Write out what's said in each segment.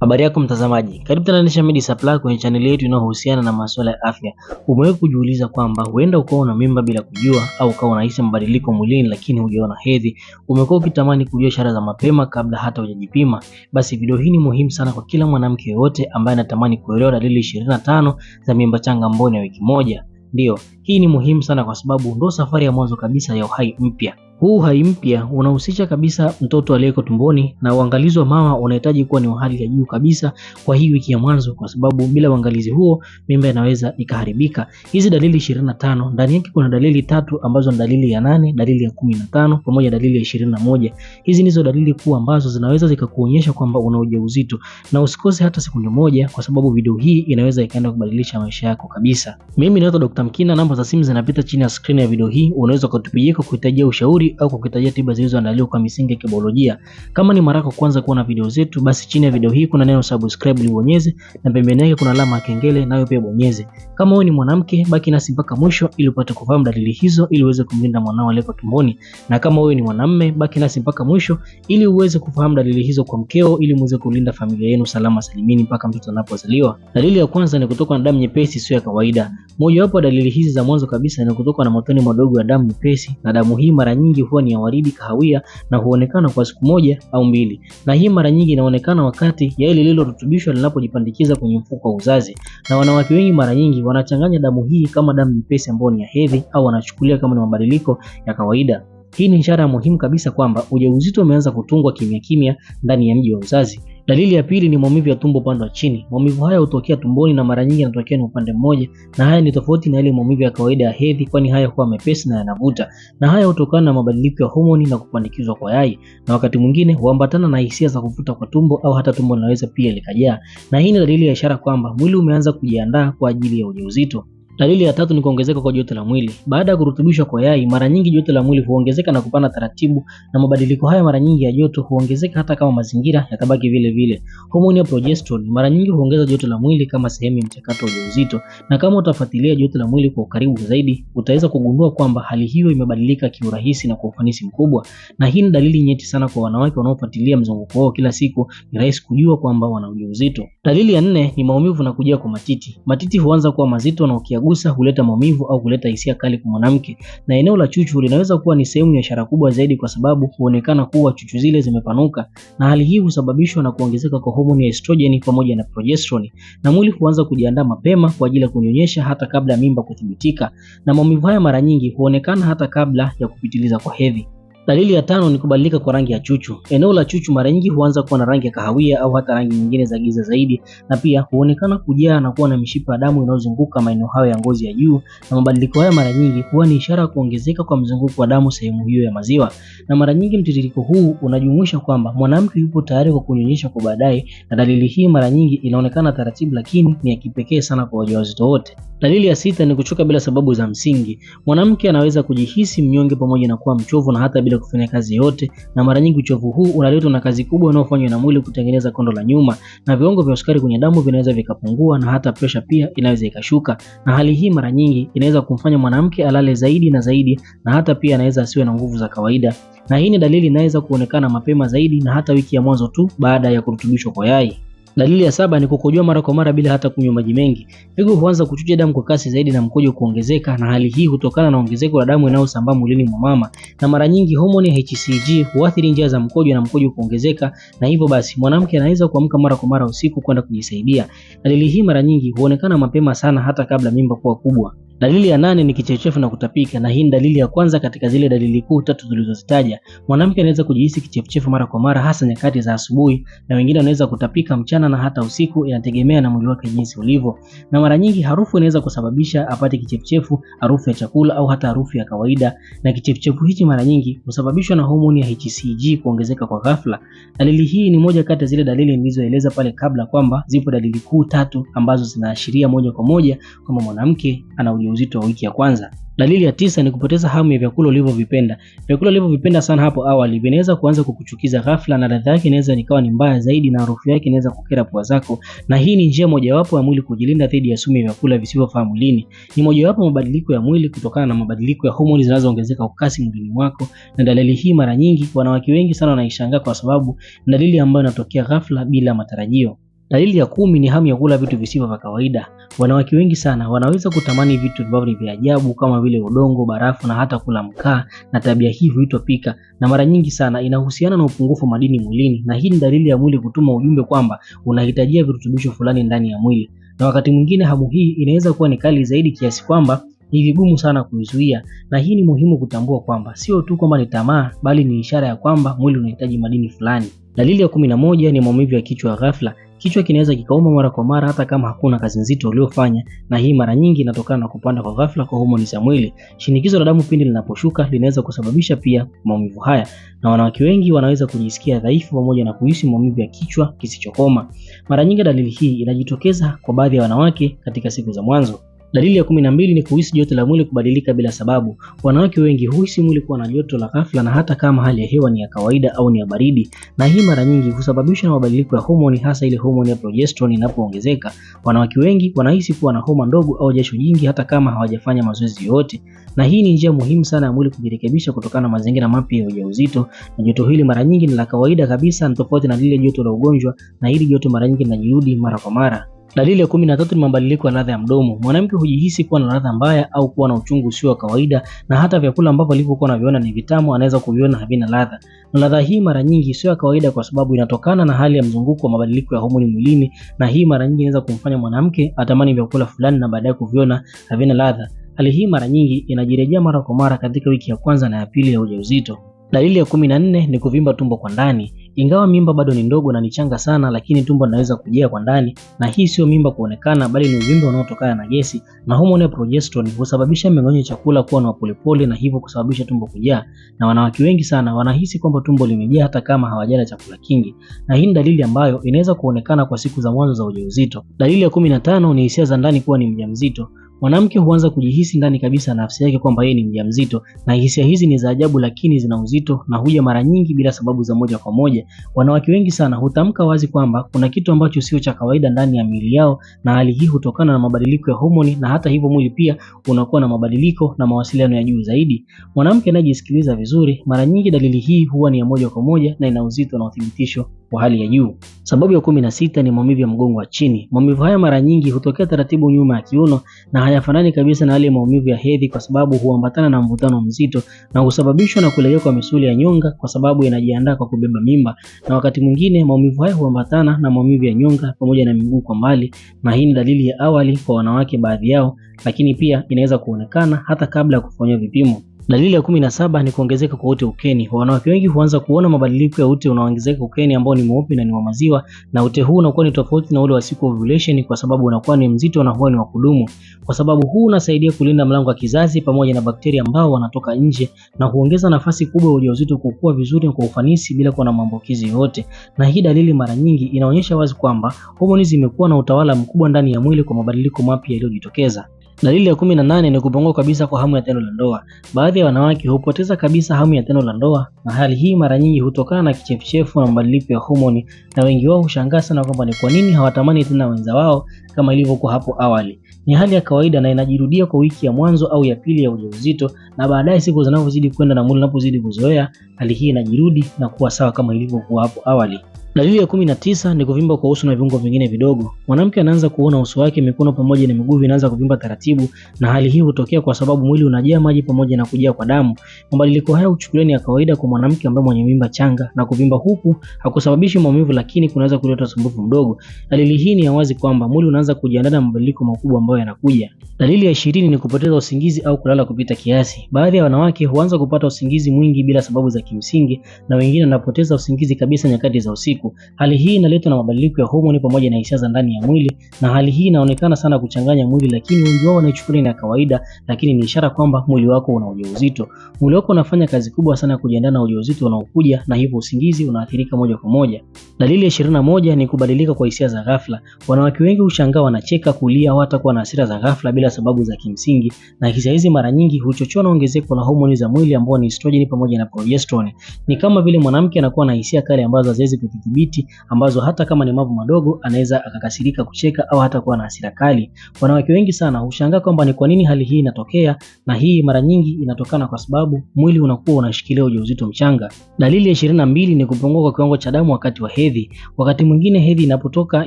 Habari yako mtazamaji, karibu tena Naturemed Media Supply kwenye chaneli yetu inayohusiana na masuala ya afya. Umewahi kujiuliza kwamba huenda ukawa una mimba bila kujua au ukawa unahisi mabadiliko mwilini lakini hujaona hedhi? Umekuwa ukitamani kujua ishara za mapema kabla hata hujajipima? Basi video hii ni muhimu sana kwa kila mwanamke yoyote ambaye anatamani kuelewa dalili 25 za mimba changa mboni ya wiki moja. Ndiyo, hii ni muhimu sana kwa sababu ndo safari ya mwanzo kabisa ya uhai mpya. Huu hai mpya unahusisha kabisa mtoto aliyeko tumboni na uangalizi wa mama unahitaji kuwa ni wa hali ya juu kabisa kwa hii wiki ya mwanzo, kwa sababu bila uangalizi huo mimba inaweza ikaharibika. Hizi dalili 25 ndani yake kuna dalili tatu ambazo ni dalili ya nane, dalili ya kumi na tano pamoja na dalili ya ishirini na moja. Hizi ndizo dalili kuu ambazo zinaweza zikakuonyesha kwamba una ujauzito, na usikose hata sekunde moja, kwa sababu video hii inaweza ikaenda kubadilisha maisha yako kabisa. Mimi naitwa Dr. Mkina, namba za simu zinapita chini ya screen ya video hii, unaweza kutupigia kuhitajia ushauri ushauri au kukutajia tiba zilizoandaliwa kwa misingi ya kibiolojia. Kama ni mara yako kwanza kuona video zetu, basi chini ya video hii kuna neno subscribe libonyeze, na pembeni yake kuna alama ya kengele, nayo pia bonyeze. Kama wewe ni mwanamke, baki nasi mpaka mwisho ili upate kufahamu dalili hizo ili uweze kumlinda mwanao aliyeko tumboni, na kama wewe ni mwanamme, baki nasi mpaka mwisho ili uweze kufahamu dalili hizo kwa mkeo, ili muweze kulinda familia yenu salama salimini mpaka mtoto anapozaliwa. Dalili ya kwanza ni kutokwa na damu nyepesi sio ya kawaida. Mojawapo ya dalili hizi za mwanzo kabisa ni kutokwa na matone madogo ya damu nyepesi, na damu hii mara nyingi nyingi huwa ni ya waridi kahawia na huonekana kwa siku moja au mbili, na hii mara nyingi inaonekana wakati yai lililorutubishwa linapojipandikiza kwenye mfuko wa uzazi, na wanawake wengi mara nyingi wanachanganya damu hii kama damu nyepesi ambayo ni ya hedhi au wanachukulia kama ni mabadiliko ya kawaida. Hii ni ishara muhimu kabisa kwamba ujauzito umeanza kutungwa kimya kimya ndani ya mji wa uzazi. Dalili ya pili ni maumivu ya tumbo upande wa chini. Maumivu haya hutokea tumboni na mara nyingi yanatokea ni upande mmoja, na haya ni tofauti na yale maumivu ya kawaida ya hedhi, kwani haya huwa mepesi na yanavuta, na haya hutokana na mabadiliko ya homoni na kupandikizwa kwa yai, na wakati mwingine huambatana na hisia za kuvuta kwa tumbo au hata tumbo linaweza pia likajaa, na hii ni dalili ya ishara kwamba mwili umeanza kujiandaa kwa ajili ya ujauzito. Dalili ya tatu ni kuongezeka kwa joto la mwili. Baada ya kurutubishwa kwa yai, mara nyingi joto la mwili huongezeka na kupanda taratibu, na mabadiliko haya mara nyingi ya joto huongezeka hata kama mazingira yatabaki vile vile. Homoni ya progesterone mara nyingi huongeza joto la mwili kama sehemu ya mchakato wa ujauzito, na kama utafuatilia joto la mwili kwa ukaribu zaidi, utaweza kugundua kwamba hali hiyo imebadilika kiurahisi na kwa ufanisi mkubwa, na hii ni dalili nyeti sana kwa wanawake wanaofuatilia mzunguko wao kila siku. Ni rahisi kujua kwamba wana ujauzito. Dalili ya nne ni maumivu na kujia kwa matiti. Matiti huanza kuwa mazito na ukiagusa kugusa huleta maumivu au huleta hisia kali kwa mwanamke, na eneo la chuchu linaweza kuwa ni sehemu ya ishara kubwa zaidi, kwa sababu huonekana kuwa chuchu zile zimepanuka, na hali hii husababishwa na kuongezeka kwa homoni ya estrogen pamoja na progesterone, na mwili huanza kujiandaa mapema kwa ajili ya kunyonyesha hata kabla ya mimba kuthibitika, na maumivu haya mara nyingi huonekana hata kabla ya kupitiliza kwa hedhi. Dalili ya tano ni kubadilika kwa rangi ya chuchu. Eneo la chuchu mara nyingi huanza kuwa na rangi ya kahawia au hata rangi nyingine za giza zaidi, na pia huonekana kujaa na kuwa na mishipa ya damu inayozunguka maeneo hayo ya ngozi ya juu, na mabadiliko haya mara nyingi huwa ni ishara ya kuongezeka kwa mzunguko wa damu sehemu hiyo ya maziwa. Na mara nyingi mtiririko huu unajumuisha kwamba mwanamke yupo tayari kwa kunyonyesha kwa baadaye, na dalili hii mara nyingi inaonekana taratibu, lakini ni ya kipekee sana kwa wajawazito wote. Dalili ya sita ni kuchoka bila sababu za msingi. Mwanamke anaweza kujihisi mnyonge pamoja na kuwa mchovu na hata bila kuweza kufanya kazi yote, na mara nyingi uchovu huu unaletwa na kazi kubwa inayofanywa na mwili kutengeneza kondo la nyuma, na viwango vya sukari kwenye damu vinaweza vikapungua, na hata presha pia inaweza ikashuka, na hali hii mara nyingi inaweza kumfanya mwanamke alale zaidi na zaidi, na hata pia anaweza asiwe na nguvu za kawaida, na hii ni dalili inaweza kuonekana mapema zaidi, na hata wiki ya mwanzo tu baada ya kurutubishwa kwa yai. Dalili ya saba ni kukojoa mara kwa mara bila hata kunywa maji mengi. Figo huanza kuchuja damu kwa kasi zaidi na mkojo kuongezeka, na hali hii hutokana na ongezeko la damu inayosambaa mwilini mwa mama, na mara nyingi homoni ya HCG huathiri njia za mkojo na mkojo kuongezeka, na hivyo basi mwanamke anaweza kuamka mara kwa mara usiku kwenda kujisaidia. Dalili hii mara nyingi huonekana mapema sana hata kabla mimba kuwa kubwa. Dalili ya nane ni kichefuchefu na kutapika, na hii ni dalili ya kwanza katika zile dalili kuu tatu zilizozitaja Mwanamke anaweza kujihisi kichefuchefu mara kwa mara, hasa nyakati za asubuhi, na wengine wanaweza kutapika mchana na hata usiku, inategemea na mwili wake jinsi ulivyo. Na mara nyingi harufu inaweza kusababisha apate kichefuchefu, harufu ya chakula au hata harufu ya kawaida. Na kichefuchefu hichi mara nyingi husababishwa na homoni ya HCG kuongezeka kwa ghafla. Dalili hii ni moja kati ya zile dalili nilizoeleza pale kabla kwamba zipo dalili kuu tatu ambazo zinaashiria moja kwa moja kwamba mwanamke ana ujauzito wa wiki ya kwanza. Dalili ya tisa ni kupoteza hamu ya vyakula ulivyovipenda. Vyakula ulivyovipenda sana hapo awali vinaweza kuanza kukuchukiza ghafla, na ladha yake inaweza ikawa ni mbaya zaidi, na harufu yake inaweza kukera pua zako, na hii ni njia mojawapo ya mwili kujilinda dhidi ya sumu ya vyakula visivyofaa mwilini. Ni mojawapo mabadiliko ya mwili kutokana na mabadiliko ya homoni zinazoongezeka kwa kasi mwilini mwako, na dalili hii mara nyingi wanawake wengi sana wanaishangaa kwa sababu dalili ambayo inatokea ghafla bila matarajio. Dalili ya kumi ni hamu ya kula vitu visivyo vya kawaida. Wanawake wengi sana wanaweza kutamani vitu ambavyo ni vya ajabu kama vile udongo, barafu na hata kula mkaa, na tabia hii huitwa pika, na mara nyingi sana inahusiana na upungufu wa madini mwilini, na hii ni dalili ya mwili kutuma ujumbe kwamba unahitajia virutubisho fulani ndani ya mwili, na wakati mwingine hamu hii inaweza kuwa ni kali zaidi kiasi kwamba ni vigumu sana kuizuia, na hii ni muhimu kutambua kwamba sio tu kwamba ni tamaa, bali ni ishara ya kwamba mwili unahitaji madini fulani. Dalili ya kumi na moja ni maumivu ya kichwa ya ghafla. Kichwa kinaweza kikauma mara kwa mara hata kama hakuna kazi nzito uliofanya, na hii mara nyingi inatokana na kupanda kwa ghafla kwa homoni za mwili. Shinikizo la damu pindi linaposhuka linaweza kusababisha pia maumivu haya, na wanawake wengi wanaweza kujisikia dhaifu pamoja na kuhisi maumivu ya kichwa kisichokoma. Mara nyingi dalili hii inajitokeza kwa baadhi ya wanawake katika siku za mwanzo. Dalili ya kumi na mbili ni kuhisi joto la mwili kubadilika bila sababu. Wanawake wengi huhisi mwili kuwa na joto la ghafla na hata kama hali ya hewa ni ya kawaida au ni ya baridi, na hii mara nyingi husababishwa na mabadiliko ya homoni, hasa ile homoni ya progesterone inapoongezeka. Wanawake wengi wanahisi kuwa na homa ndogo au jasho jingi hata kama hawajafanya mazoezi yoyote, na hii ni njia muhimu sana ya mwili kujirekebisha kutokana na mazingira mapya ya ujauzito. Na joto hili mara nyingi ni la kawaida kabisa, ni tofauti na lile joto la ugonjwa, na hili joto mara nyingi linajirudi mara kwa mara. Dalili ya kumi na tatu ni mabadiliko ya ladha ya mdomo. Mwanamke hujihisi kuwa na ladha mbaya au kuwa na uchungu usio wa kawaida, na hata vyakula ambavyo alivyokuwa anaviona ni vitamu anaweza kuviona havina ladha, na ladha hii mara nyingi sio ya kawaida kwa sababu inatokana na hali ya mzunguko wa mabadiliko ya homoni mwilini, na hii mara nyingi inaweza kumfanya mwanamke atamani vyakula fulani na baadaye kuviona havina ladha. Hali hii mara nyingi inajirejea mara kwa mara katika wiki ya kwanza na ya pili ya ujauzito. Dalili ya kumi na nne ni kuvimba tumbo kwa ndani. Ingawa mimba bado ni ndogo na ni changa sana, lakini tumbo linaweza kujaa kwa ndani, na hii sio mimba kuonekana, bali ni uvimbe unaotokana na gesi, na homoni ya progesterone husababisha mmeng'enyo chakula kuwa na polepole, na hivyo kusababisha tumbo kujaa. Na wanawake wengi sana wanahisi kwamba tumbo limejaa hata kama hawajala chakula kingi, na hii ni dalili ambayo inaweza kuonekana kwa siku za mwanzo za ujauzito. Dalili ya kumi na tano ni hisia za ndani kuwa ni mjamzito. Mwanamke huanza kujihisi ndani kabisa nafsi yake kwamba yeye ni mjamzito, na hisia hizi ni za ajabu, lakini zina uzito na huja mara nyingi bila sababu za moja kwa moja. Wanawake wengi sana hutamka wazi kwamba kuna kitu ambacho sio cha kawaida ndani ya miili yao, na hali hii hutokana na mabadiliko ya homoni, na hata hivyo mwili pia unakuwa na mabadiliko na mawasiliano ya juu zaidi. Mwanamke anayejisikiliza vizuri, mara nyingi dalili hii huwa ni ya moja kwa moja na ina uzito na uthibitisho wa hali ya juu. Sababu ya kumi na sita ni maumivu ya mgongo wa chini. Maumivu haya mara nyingi hutokea taratibu nyuma ya kiuno na hayafanani kabisa na yale maumivu ya hedhi, kwa sababu huambatana na mvutano mzito na husababishwa na kulegea kwa misuli ya nyonga, kwa sababu inajiandaa kwa kubeba mimba, na wakati mwingine maumivu haya huambatana na maumivu ya nyonga pamoja na miguu kwa mbali, na hii ni dalili ya awali kwa wanawake baadhi yao, lakini pia inaweza kuonekana hata kabla ya kufanyiwa vipimo. Dalili ya kumi na saba ni kuongezeka kwa ute ukeni. Wanawake wengi huanza kuona mabadiliko ya ute unaoongezeka ukeni ambao ni mweupe na ni wa maziwa, na ute huu unakuwa ni tofauti na ule wa siku ovulation, kwa sababu unakuwa ni mzito na huwa ni wa kudumu, kwa sababu huu unasaidia kulinda mlango wa kizazi pamoja na bakteria ambao wanatoka nje na huongeza nafasi kubwa ya ujauzito kukua vizuri kwa ufanisi bila kuwa na maambukizi yoyote. Na hii dalili mara nyingi inaonyesha wazi kwamba homoni zimekuwa na utawala mkubwa ndani ya mwili kwa mabadiliko mapya yaliyojitokeza. Dalili ya kumi na nane ni kupungua kabisa kwa hamu ya tendo la ndoa. Baadhi ya wanawake hupoteza kabisa hamu ya tendo la ndoa, na hali hii mara nyingi hutokana na kichefuchefu na mabadiliko ya homoni, na wengi wao hushangaa sana kwamba ni kwa nini hawatamani tena wenza wao kama ilivyokuwa hapo awali. Ni hali ya kawaida na inajirudia kwa wiki ya mwanzo au ya pili ya ujauzito, na baadaye siku zinavyozidi kwenda na mwili unapozidi kuzoea, hali hii inajirudi na kuwa sawa kama ilivyokuwa hapo awali. Dalili ya kumi na tisa ni kuvimba kwa uso na viungo vingine vidogo. Mwanamke anaanza kuona uso wake, mikono pamoja na miguu vinaanza kuvimba taratibu, na hali hii hutokea kwa sababu mwili unajaa maji pamoja na kujaa kwa damu. Mabadiliko haya huchukuliwa ni ya kawaida kwa mwanamke ambaye mwenye mimba changa, na kuvimba huku hakusababishi maumivu, lakini kunaweza kuleta usumbufu mdogo. Dalili hii ni ya wazi kwamba mwili unaanza kujiandaa na mabadiliko makubwa ambayo yanakuja. Dalili ya ishirini ni kupoteza usingizi au kulala kupita kiasi. Baadhi ya wanawake huanza kupata usingizi mwingi bila sababu za kimsingi, na wengine wanapoteza usingizi kabisa nyakati za usiku siku. Hali hii inaletwa na mabadiliko ya homoni pamoja na hisia za ndani ya mwili, na hali hii inaonekana sana kuchanganya mwili, lakini wengi wao wanaichukulia ni kawaida, lakini ni ishara kwamba mwili wako una ujauzito. Mwili wako unafanya kazi kubwa sana ya kujiandaa na ujauzito unaokuja, na hivyo usingizi unaathirika moja kwa moja. Dalili ya ishirini na moja ni kubadilika kwa hisia za ghafla. Wanawake wengi hushangaa, wanacheka, kulia, hata kuwa na hasira za ghafla bila sababu za kimsingi, na hisia hizi mara nyingi huchochewa na ongezeko la homoni za mwili ambao ni estrogen pamoja na progesterone. Ni kama vile mwanamke anakuwa na hisia kali ambazo haziwezi kudhibitiwa kudhibiti, ambazo hata kama ni mambo madogo anaweza akakasirika, kucheka au hata kuwa na hasira kali. Wanawake wengi sana hushangaa kwamba ni kwa nini hali hii inatokea, na hii mara nyingi inatokana kwa sababu mwili unakuwa unashikilia ujauzito mchanga. Dalili ya ishirini na mbili ni kupungua kwa kiwango cha damu wakati wa hedhi. Wakati mwingine hedhi inapotoka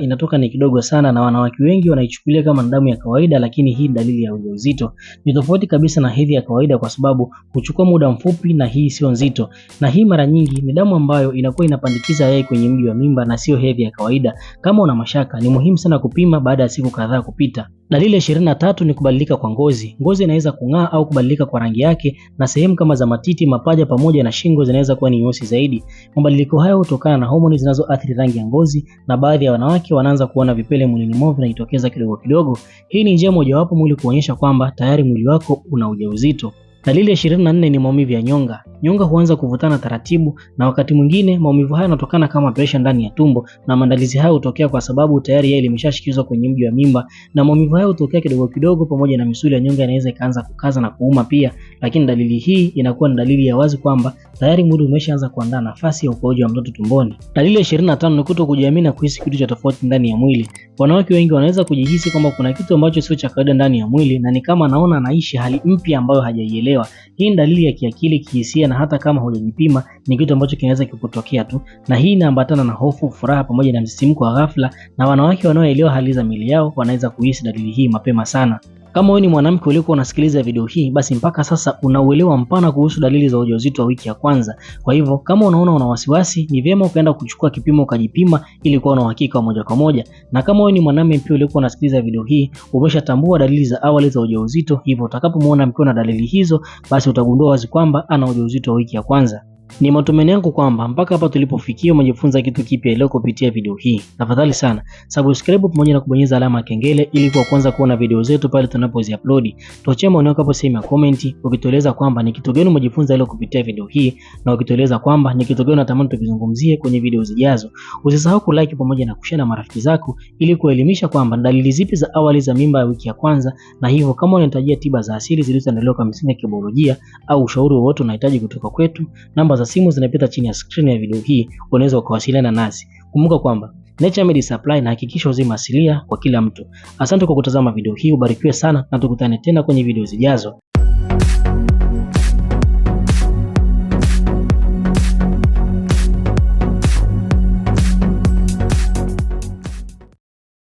inatoka ni kidogo sana, na wanawake wengi wanaichukulia kama damu ya kawaida, lakini hii dalili ya ujauzito ni tofauti kabisa na hedhi ya kawaida, kwa sababu huchukua muda mfupi na hii sio nzito, na hii mara nyingi ni damu ambayo inakuwa inapandikiza yai kwenye usuidi wa mimba na sio hedhi ya kawaida. Kama una mashaka, ni muhimu sana kupima baada ya siku kadhaa kupita. Dalili ya ishirini na tatu ni kubadilika kwa ngozi. Ngozi inaweza kung'aa au kubadilika kwa rangi yake, na sehemu kama za matiti, mapaja pamoja na shingo zinaweza kuwa ni nyeusi zaidi. Mabadiliko hayo hutokana na homoni zinazoathiri rangi ya ngozi, na baadhi ya wanawake wanaanza kuona vipele mwilini mwao vinajitokeza kidogo kidogo. Hii ni njia mojawapo mwili kuonyesha kwamba tayari mwili wako una ujauzito. Dalili ya 24 ni maumivu ya nyonga nyonga huanza kuvutana taratibu, na wakati mwingine maumivu haya yanatokana kama presha ndani ya tumbo, na maandalizi hayo hutokea kwa sababu tayari yai limeshashikizwa kwenye mji wa mimba, na maumivu hayo hutokea kidogo kidogo, pamoja na misuli ya nyonga inaweza ikaanza kukaza na kuuma pia. Lakini dalili hii inakuwa ni dalili ya wazi kwamba tayari mwili umeshaanza kuandaa nafasi ya ukoaji wa mtoto tumboni. Dalili ya 25 ni kuto kujiamini na kuhisi kitu cha tofauti ndani ya mwili. Wanawake wengi wanaweza kujihisi kwamba kuna kitu ambacho sio cha kawaida ndani ya mwili na ni kama anaona anaishi hali mpya ambayo hajaielewa. Hii ni dalili ya kiakili, kihisia na hata kama hujajipima ni kitu ambacho kinaweza kikutokea tu, na hii inaambatana na hofu, furaha pamoja na msisimko wa ghafla, na wanawake wanaoelewa hali za mili yao wanaweza kuhisi dalili hii mapema sana. Kama wewe ni mwanamke uliokuwa unasikiliza video hii, basi mpaka sasa unauelewa mpana kuhusu dalili za ujauzito wa wiki ya kwanza. Kwa hivyo kama unaona una wasiwasi, ni vyema ukaenda kuchukua kipimo ukajipima ili kuwa na uhakika wa moja kwa moja. Na kama wewe ni mwanamume pia uliokuwa unasikiliza video hii, umeshatambua dalili za awali za ujauzito, hivyo utakapomwona mkiwa na dalili hizo, basi utagundua wazi kwamba ana ujauzito wa wiki ya kwanza. Ni matumaini yangu kwamba mpaka hapa tulipofikia umejifunza kitu kipya leo kupitia video hii. Tafadhali sana subscribe pamoja na kubonyeza alama ya kengele ili kwa kwanza kuona video zetu pale tunapozi upload. Tuachie maoni yako hapo sehemu ya comment ukitueleza kwamba ni kitu gani umejifunza leo kupitia video hii na ukitueleza kwamba ni kitu gani unatamani tukizungumzie kwenye video zijazo. Usisahau ku like pamoja na kushare na marafiki zako ili kuelimisha kwamba dalili zipi za awali za mimba ya wiki ya kwanza, na hivyo kama unahitaji tiba za asili zilizoandaliwa kwa misingi ya kibiolojia au ushauri wowote unahitaji kutoka kwetu, namba za simu zinapita chini ya skrini ya video hii, unaweza ukawasiliana nasi. Kumbuka kwamba Naturemed Supply inahakikisha uzima asilia kwa kila mtu. Asante kwa kutazama video hii, ubarikiwe sana na tukutane tena kwenye video zijazo.